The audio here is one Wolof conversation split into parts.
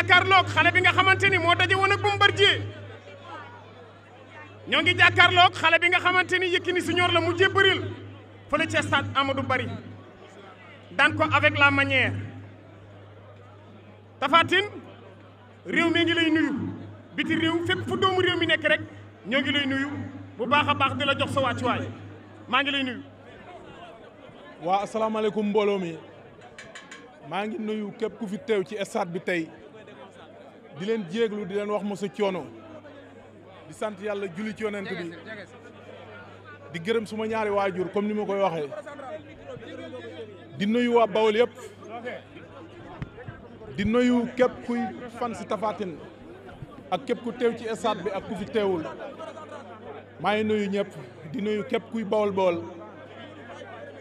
Jakarlok, xale bi nga xamanteni mo dajé won ak Bombardier ñoo ngi jàkkaarloog xale bi nga xamanteni yekini Yékini Senior la mujjee bëril fële ci stade Amadou bari dan ko avec la manière Tafatin, rew mi ngi lay nuyu biti rew fep fu doomu rew mi nek rek ñoo ngi lay nuyu bu baaxa baax dila la jox sa way ma ngi lay nuyu. assalamu alaykum mbolo mi ma ngi nuyu kep ku fi tew ci stade bi tay di leen jéeglu di leen wax mosu coono di sant yàlla julli ci yonent bi di gërëm suma ñaari waajur comme ni ma koy waxee di nuyu wa Bawol yëpp di nuyu képp kuy fan si Tapha ak képp ku teew ci stade bi ak ku fi teewul maa ngi nuyu ñëpp di nuyu képp kuy Bawol Bawol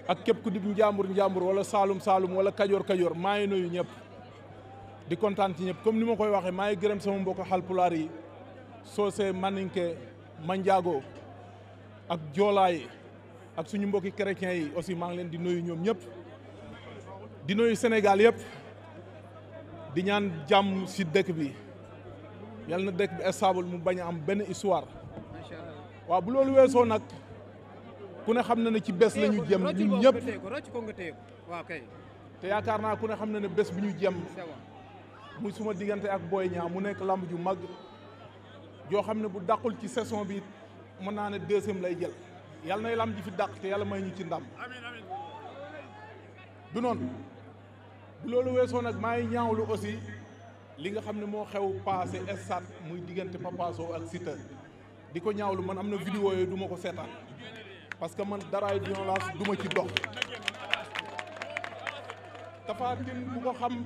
ak képp ku dib njàmbur njàmbur wala Saalum Saalum wala Kajoor Kajoor maa ngi nuyu ñëpp di kontaan ci ñëpp comme ni ma koy waxee maa ngi gërëm sama mbokk xalpulaar yi soose maninke manjaago ak joolaay ak suñu mbokki chrétiens yi aussi maa ngi leen di nuyu ñoom ñëpp di nuyu senegal yëpp di ñaan jàmm si dëkk bi yal na dëkk bi estable mu bañ a am benn histoire waaw bu loolu weesoo nag ku ne xam na ne ci bés la ñu jëm ñun ñëpp te yaakaar naa ku ne xam na ne bés bi ñu jëm muy suma diggante ak Boy Niang mu nekk lamb ju mag jo xamne bu dàqul ci saison bi mën naa ne deuxième lay jël yalla nay lamb ji fi dàq te yalla may ñu ci ndam du non bu lolu weesoo nak maa ngi ñaawlu aussi li nga xamne mo xew passé estat muy diggante Papa so ak sita diko ñaawlu man amna vidéo yooyu duma ko seetaan parce que man daraay dion du duma ci dox Tapha bu ko xam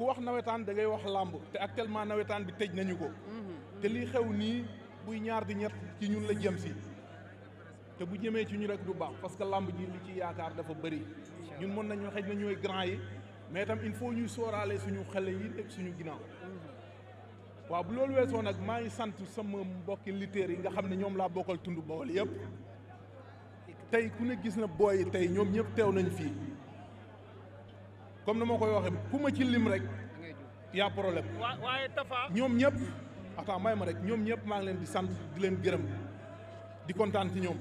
ku wax nawetaan da ngay wax làmb te actuellement nawetaan bi tëj nañu ko te lii xew nii buy ñaar di ñett ci ñun la jëm si te bu jëmee ci ñu rek du baax parce que làmb ji li ci yaakaar dafa bëri ñun mën nañu xëj na ñooy yi mais itam il faut ñuy sóoraale suñu xele yi ak suñu ginnaaw waaw bu loolu weesoo nag maa ngi sant sama mbokki lutteurs yi nga xam ne ñoom laa bokkal tund Bawol yëpp tey ku ne gis na booy tey ñoom ñëpp teew nañ fii comme na ma koy waxee ku ma ci lim rek yaa problème. waaye Tafa. ñoom ñëpp attends may ma rek ñoom ñëpp maa ngi leen di sant di leen gërëm di kontaan ci ñoom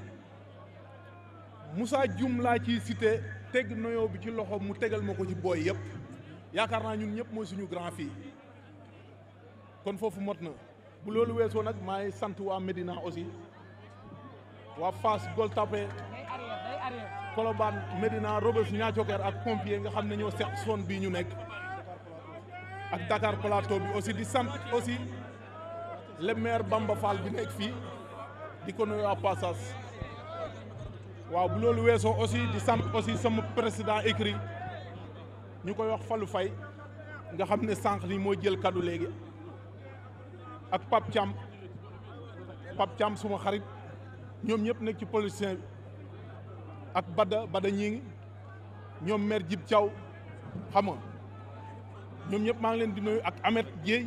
Moussa Dioum laa ciy cité teg noyoo bi ci loxo mu tegal ma ko ci booy yëpp yaakaar naa ñun ñëpp mooy suñu grand fii kon foofu mot na bu loolu weesoo nag maay sant waa Médina aussi waa Fass Gueule Tapée Colobane Medina, Rebeuss Niathioker ak pompier nga xam ne ñoo seq zone bii ñu nekk ak Dakar Plateau bi aussi di sant aussi le maire Bamba Fall bi nekk fii di ko nuyu à passage waaw bu loolu weesoo aussi di sant aussi sama président écrit ñu koy wax Fallou Faye nga xam ne sànq ni mooy jël kaddu léegi ak Pap Cham, Pape Thiam suma xarit ñoom ñëpp nekk ci politicien ak Bada Bada ñi ñoom maire Djib Thiaw xam nga ñoom ñëpp maa ngi leen di nuyu ak Amet Dieye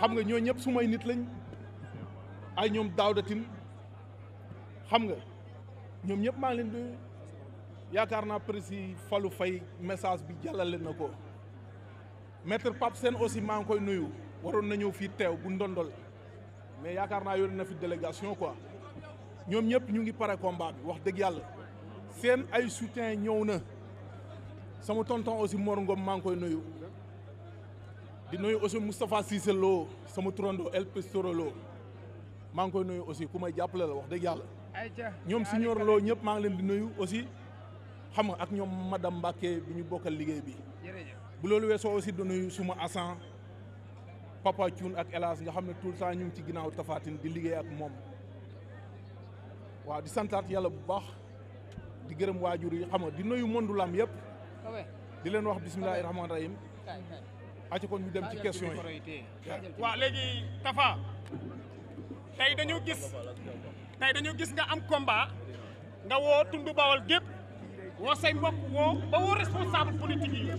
xam nga ñoo ñëpp sumay nit lañ ay ñoom Daouda Tine xam nga ñoom ñëpp maa ngi leen di yaakaar naa prési falu fay message bi jàllale na ko maître pap seen aussi maa ngi koy nuyu waroon na ñëw fii teew bu ndondol mais yaakaar naa yónnee na fi délégation quoi ñoom ñëpp ñu ngi pare combat bi wax dëgg yàlla seen ay soutien ñëw na sama tonton aussi Mor Ngom maa ngi koy nuyu di nuyu aussi Moustapha Cissé loo sama turando El Pistoro Lo maa ngi koy nuyu aussi ku may jàppale la wax dëgg yàlla ñoom siñoor Lo ñëpp maa ngi leen di nuyu aussi xam nga ak ñoom madame Mbacke bi ñu bokkal liggéey bi bu loolu weesoo aussi di nuyu suma asan Papa Thioune ak Elas nga xam ne tout le temps ñu ngi ci ginnaaw Tapha di liggéey ak moom waaw di santaat yàlla bu baax di gërëm wajur yi xam nga di nuyu mondu lam yépp ah di leen wax bismillahirrahmanirrahim ah rahmaani rahim kon ñu dem ci question yi wa légui Tafa tay dañu gis tay dañu gis nga am combat nga wo tundu bawal gep wo say mbokk wo ba wo responsable politique yi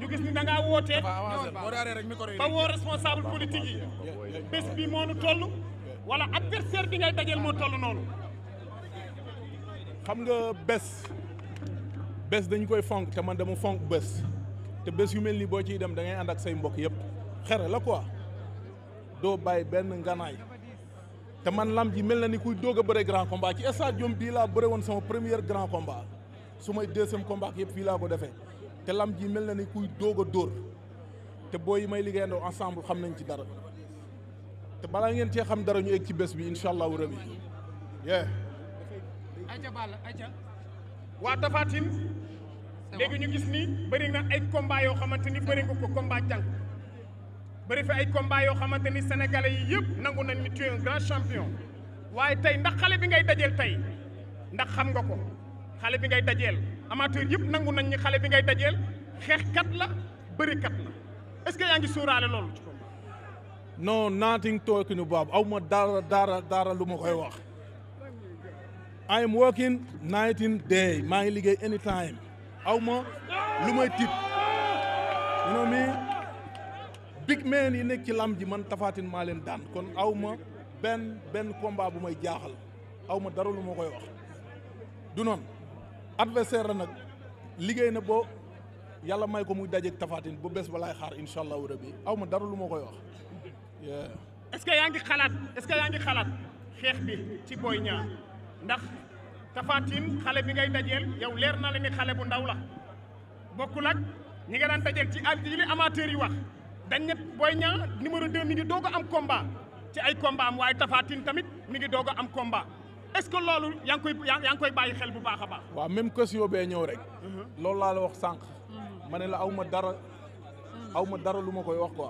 ñu gis ni da nga woté ba wo responsable politique yi bes bi mo nu tollu wala adversaire bi ngay dajel mo tollu nonu xam nga bés bes dañu koy fonk te man dama fonk bés te bés yu mel nii boo ciy dem dangay ànd ak say mbokk yëpp xere la quoi doo bàyyi benn nganaay te man lam ji mel na ni kuy doog a bëre grand combat ci stade bii laa bëre woon sama premier grand combat su may deuxième combat yëpp fii laa ko defee te lam ji mel na ni kuy doog a dóor te booy yi may liggéeyandoo ensemble xam nañ ci dara te balaa ngeen cee xam dara ñu egg ci bés bi incha allahu rabi yeah waa Tapha Tine léegi ñu gis ni bëri na ay combat yoo xamante ni bëri nga ko combat jàng bari fi ay combat yoo xamante ni sénégalais yi yëpp nangu nañ ni tu es grand champion waaye tey ndax xale bi ngay dajeel tey ndax xam nga ko xale bi ngay dajeel amateur yëpp nangu nañ ni xale bi ngay dajeel xeexkat la bërikat la est-ce que yaa ngi suuraale loolu ci combat non nothing talking about aw ma dara dara dara lu ma koy wax I am working night maa ngi liggéey anytime aw ma lu may tiit you know me big man yi nekk ci lam ji man Tapha Tine leen daan kon aw ma benn benn combat bu may jaaxal aw ma dara lu ma koy wax du noon adversaire la nag liggéey na boo yàlla may ko muy dajeeg Tapha bu bes ba xaar incha allahu rabi aw ma dara lu ma koy wax. est ce que yaa ngi xalaat est ce que yaa xalaat xeex bi ci Boy Niang ndax Tapha xale bi ngay dajeel yow leer na la ni xale bu ndaw la bokkul ak ñi nga daan dajeel ci ak li amateur yi wax dañ ne Boy Niang numéro 2 mi ngi doog a am combat ci ay combat am waaye Tapha tamit mi ngi doog a am combat est-ce que loolu yaa ngi koy yaa ngi koy bàyyi xel bu baax a baax. waaw même question bee ñëw rek. Mhm. loolu laa wax sànq. Mhm. ma ne la aw ma dara mhm. aw ma dara lu ma koy wax ko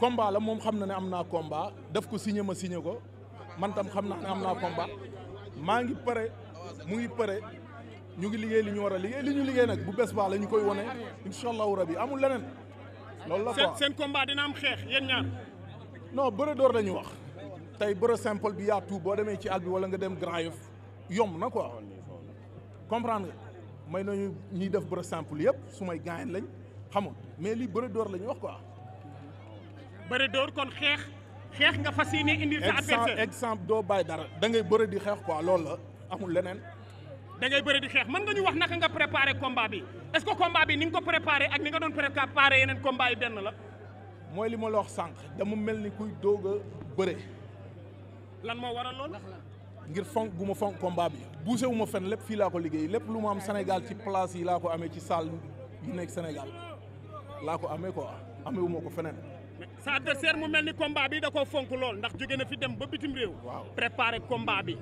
combat la moom xam na ne am naa combat daf ko signé ma signé ko man tam xam naa ne am naa combat. maa ngi pare mu ngi pare ñu ngi liggéey li ñu war a liggéey li ñu liggéey nag bu bees baax la ñu koy wone incha allahu rabi amul leneen. loolu la quoi seen combat dina am xeex yéen ñaar. non bëre door la ñu wax tey bëre simple bi yaa tout boo demee ci àll bi wala nga dem Grand Yoff yomb na quoi comprendre nga may nañu ñuy def bëre simple yëpp su may gaañ lañ xamoon mais li bëre door la ñu wax quoi. bëre door kon xeex. xeex nga fas yéene indil sa adversaire exemple doo bàyyi dara da ngay bëri di xeex quoi loolu la amul lenen da ngay beure di xex man nga ñu wax naka nga préparer combat bi est-ce que combat bi ni nga ko préparer ak ni nga doon préparer yenen combat yi ben la. mooy li ma la wax sank da mu melni kuy doga beure lan mo waral lool. ngir fonk guma fonk combat bi bougé wu ma fenn lépp fii laa ko liggéey lepp lu mu am Sénégal ci place yi la ko amé ci salle yi nek Sénégal la ko amé quoi amé wu ma ko feneen. sa adversaire mu mel ni combat bi da koo fonk lool ndax jóge na fi dem ba bitim réew. préparer combat bi.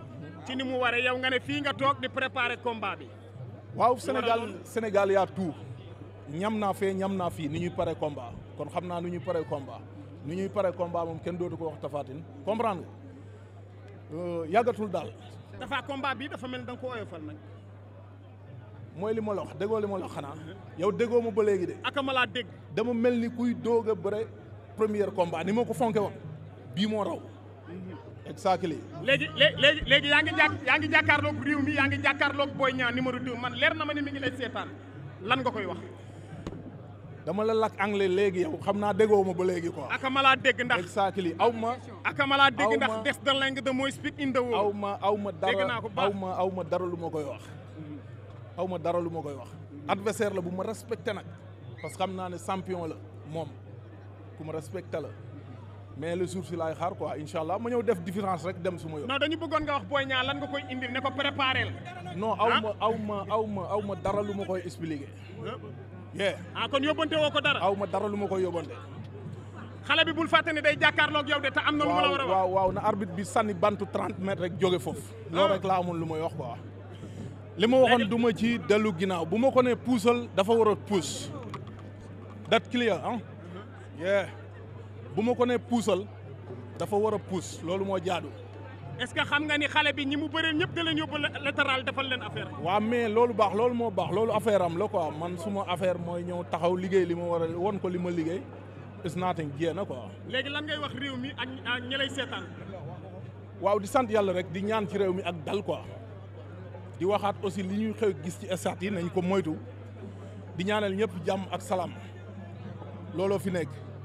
ci ni mu waree yaw nga ne fii nga toog di préparer combat waaw Sénégal Sénégal yaa tout ñam naa fee ñam naa fii ni ñuy pare combat kon xam naa nu ñuy pare combat nu ñuy pare combat moom kenn dootu ko wax tafaatin comprendre nga euh, yàggatul daal. dafa combat bi dafa mel ni da nga ko oyofal nag. mooy li ma la wax déggoo li ma xanaa. yow déggoo ma ba léegi de. ak ma dégg. dama mel ni kuy doog a bëre. premier combat ni ma ko fonke woon bii moo raw exactement léegi léegi yaa ngi jàk yaa ngi jàkkaarloog réew mi yaa ngi jàkkaarloog Boy ñaa numéro 2 man leer na ma ne mi ngi lay seetaan lan nga koy wax dama la lakk anglais léegi yow xam naa déggoo ma ba léegi ko aka ma laa dégg ndax exactement aw ma aka ma laa dégg ndax des the language mooy speak in the world aw ma aw ma dara aw ma aw ma dara lu ma koy wax aw ma dara lu ma koy wax adversaire la bu ma respecté nag parce que xam naa ne champion la moom kuma respecté la mais le jour ci lay xaar quoi inshallah allah ma ñeu def différence rek dem suma yo non dañu bëggon nga wax Boy ñaan lan nga koy indil ne ko préparer non awma ah? awma awma awma dara lu ma koy expliquer yeah. ah kon yóbbante woko dara. awma dara lu ma koy yóbbante. xalé bi bul faté ni day ak yow de ta amna na lu ma la wara a wax waaw waaw na arbitre bi sanni bantu 30 mètres rek jóge fof loolu rek la amul lu wax quoi. lima waxon duma ci dellu ginaaw buma ko né poussel dafa wara a dat clear hein yeah bu ma ko ne poussal dafa wara pouss lolou mo jaadu est ce que xam nga ni xalé bi ñi mu bëre ñëpp da leen yóbbu latéral defal leen affaire wa mais lolou bax lolou mo bax lolou affaire am la quoi man suma affaire moy ñew taxaw liggéey li mo wara won ko li ma liggéey is nothing jee na quoi léegi lan ngay wax réew mi ak ñalay waaw di sante yalla rek di ñaan ci réew mi ak dal quoi di waxat aussi li ñuy xew gis ci estat yi nañ ko moytu di ñaanal ñëpp jàmm ak salam lolo fi nek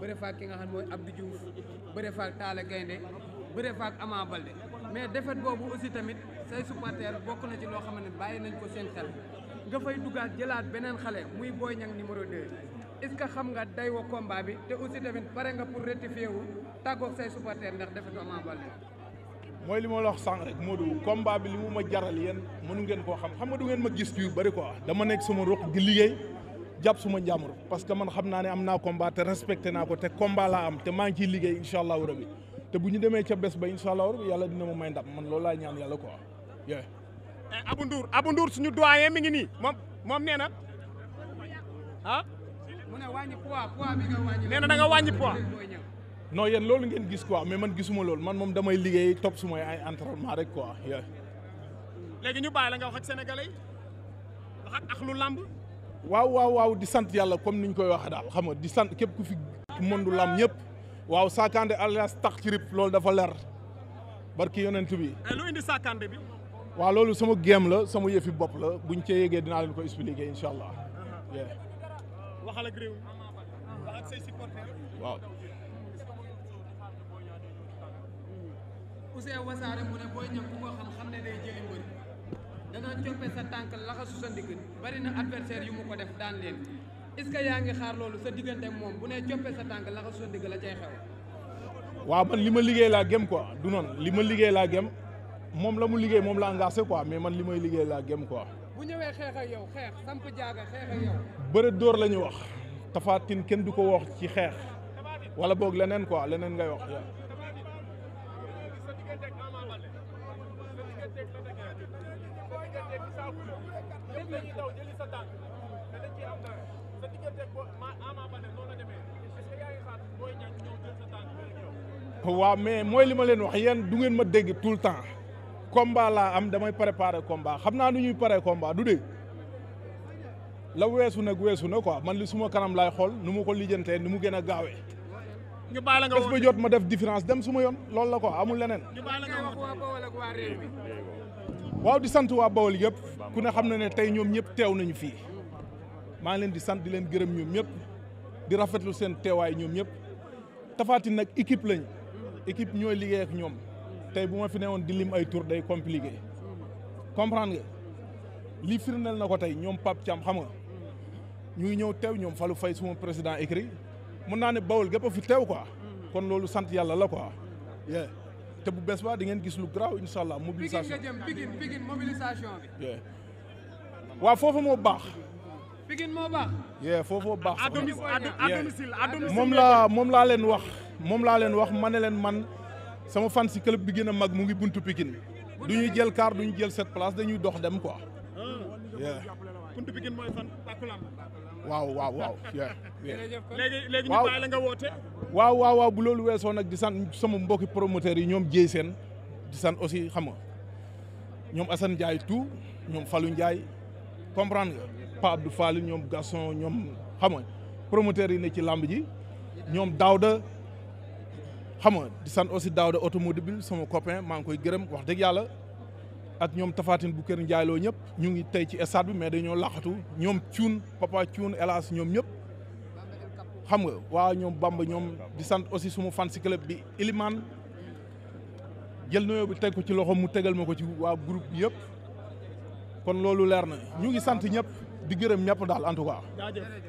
bëre faak ki nga xam moy Abdou Diouf bëre faak tala Gaynde bëre faak Ama Balde mais défaite bobu aussi tamit say supporter bokku na ci lo xam ne nañ ko seen xel nga fay dugaat jëlaat benen xalé muy Boy ñang numéro 2 est-ce que xam nga day wo combat bi te aussi tamit pare nga pour rectifier wu tàggoog say supporter ndax défaite Ama Balde mooy li la wax sang rek Modou combat bi li ma jaral yeen mënu ngeen ko xam xam nga du ngeen ma gis yu bari quoi dama nek sama rokh di liggéey jàpp suma njàmbur parce que man xam naa ne am naa combat te respecté naa ko te combat laa am te maa ngi liggéey incha allahu rabi te bu ñu demee ca bes ba incha allahu rabi yàlla dina ma may ndam man loolu laa ñaan yàlla quoi yeah. Eh, Abou Ndour Abou Ndour suñu doo mi ngi nii moom moom nee na ah. mu nga wàññi. nee na da nga wàññi poids. non yéen loolu ngeen gis quoi mais man gisuma lool man moom damay liggéey topp sumay ay entraînement rek quoi. léegi ñu bàyyi la nga wax ak waaw waaw waaw di sant yàlla comme ñu koy waxee daal xam nga di sant képp ku fi mëndu lam ñëpp waaw Sakandé alias tax ci rip loolu dafa leer barki yonent bi. Eh, lu indi bi. waaw loolu sama géem la sama yëfi bopp la buñ cee yégee dinaa leen koy expliquer incha allah. Uh-huh. waxal waaw. dana coppe sa tànk laxasu sa ndigg bari na adversaire yu mu ko def daan leen est-ce que yaa ngi xaar loolu sa diggante ak moom bu ne coppe sa tànk laxasu sa ndigg la cay xew waaw man li ma liggéey laa gëm quoi du noonu li ma liggéey laa gëm moom la mu liggéey moom la engagé quoi mais man li may liggéey laa gëm quoi bu ñëwee xeex ak yow xeex samp jaaga xeex yow bëre dóor la ñu wax Tapha kenn du ko wax ci xeex wala boog leneen quoi leneen ngay wax waa la mais mooy li ma leen wax yéen du ngeen ma dégg tout le temps combat laa am damay préparer combat xam naa nu ñuy pare combat du dégg la weesu nag weesu na ko man li suma kanam laay xool nu mu ko lijjantee ni mu gën a gaawe ñu bàyyi la ma def différence dem suma yoon loolu la ko amul leneen. ñu bàyyi la nga wax waa Bawol ak waaw di sant waa Bawol yëpp ku ne xam na ne tey ñoom ñëpp teew nañu fii maa ngi leen di sant di leen gërëm ñoom ñëpp di rafetlu seen teewaay ñoom ñëpp tafaati nag équipe lañ équipe ñooy liggéey ak ñoom tey bu ma fi newoon di lim ay tour day compliqué comprendre nga li firndeel na ko tey ñoom Pape Thiam xam nga ñuy ñëw teew ñoom falu fay suma président écrit mën naa ne bawol gëpp fi teew quoi mm-hmm. kon loolu sant yàlla la quoi mm-hmm. yeah te bu bees ba di ngeen gis lu garaaw incha allah mobilisation Pikine nga jëm Pikine Pikine mobilisation bi yeah waaw foofu moo baax Pikine moo baax yeah foofu moo baax moom laa moom laa leen wax moom laa leen wax ma ne leen man sama fan si club bi gën a mag mu ngi buntu Pikine du ñu jël car du ñu jël cette place dañuy dox dem quoi ah. yeah buntu bi gën mooy fan Pàccu waaw waaw waaw. nga woote. waaw waaw bu loolu weesoo nag di sant sama mbokki promoteurs yi ñoom Dieye Sène di sant aussi xam nga ñoom Assane Ndiaye tout ñoom falu njaay comprendre nga Pape Abdou Fall ñoom Gasson ñoom xam nga yi ne ci lamb ji ñoom Daouda xam nga di sant aussi Daouda automobile sama copain maa ngi koy gërëm wax dëgg yàlla. ak ñoom Tafatine bu kër njaayloo ñëpp ñu ngi tey ci stade bi mais dañoo laxatu ñoom cuun papa cuun hélas ñoom ñëpp xam nga waa ñoom Bamba ñoom di sant aussi suma fan si club bi Ilimane jël nuyoo bi teg ko ci loxo mu tegal ma ko ci waa groupe yëpp kon loolu leer na ñu ngi sant ñëpp di gërëm ñapp daal en tout cas.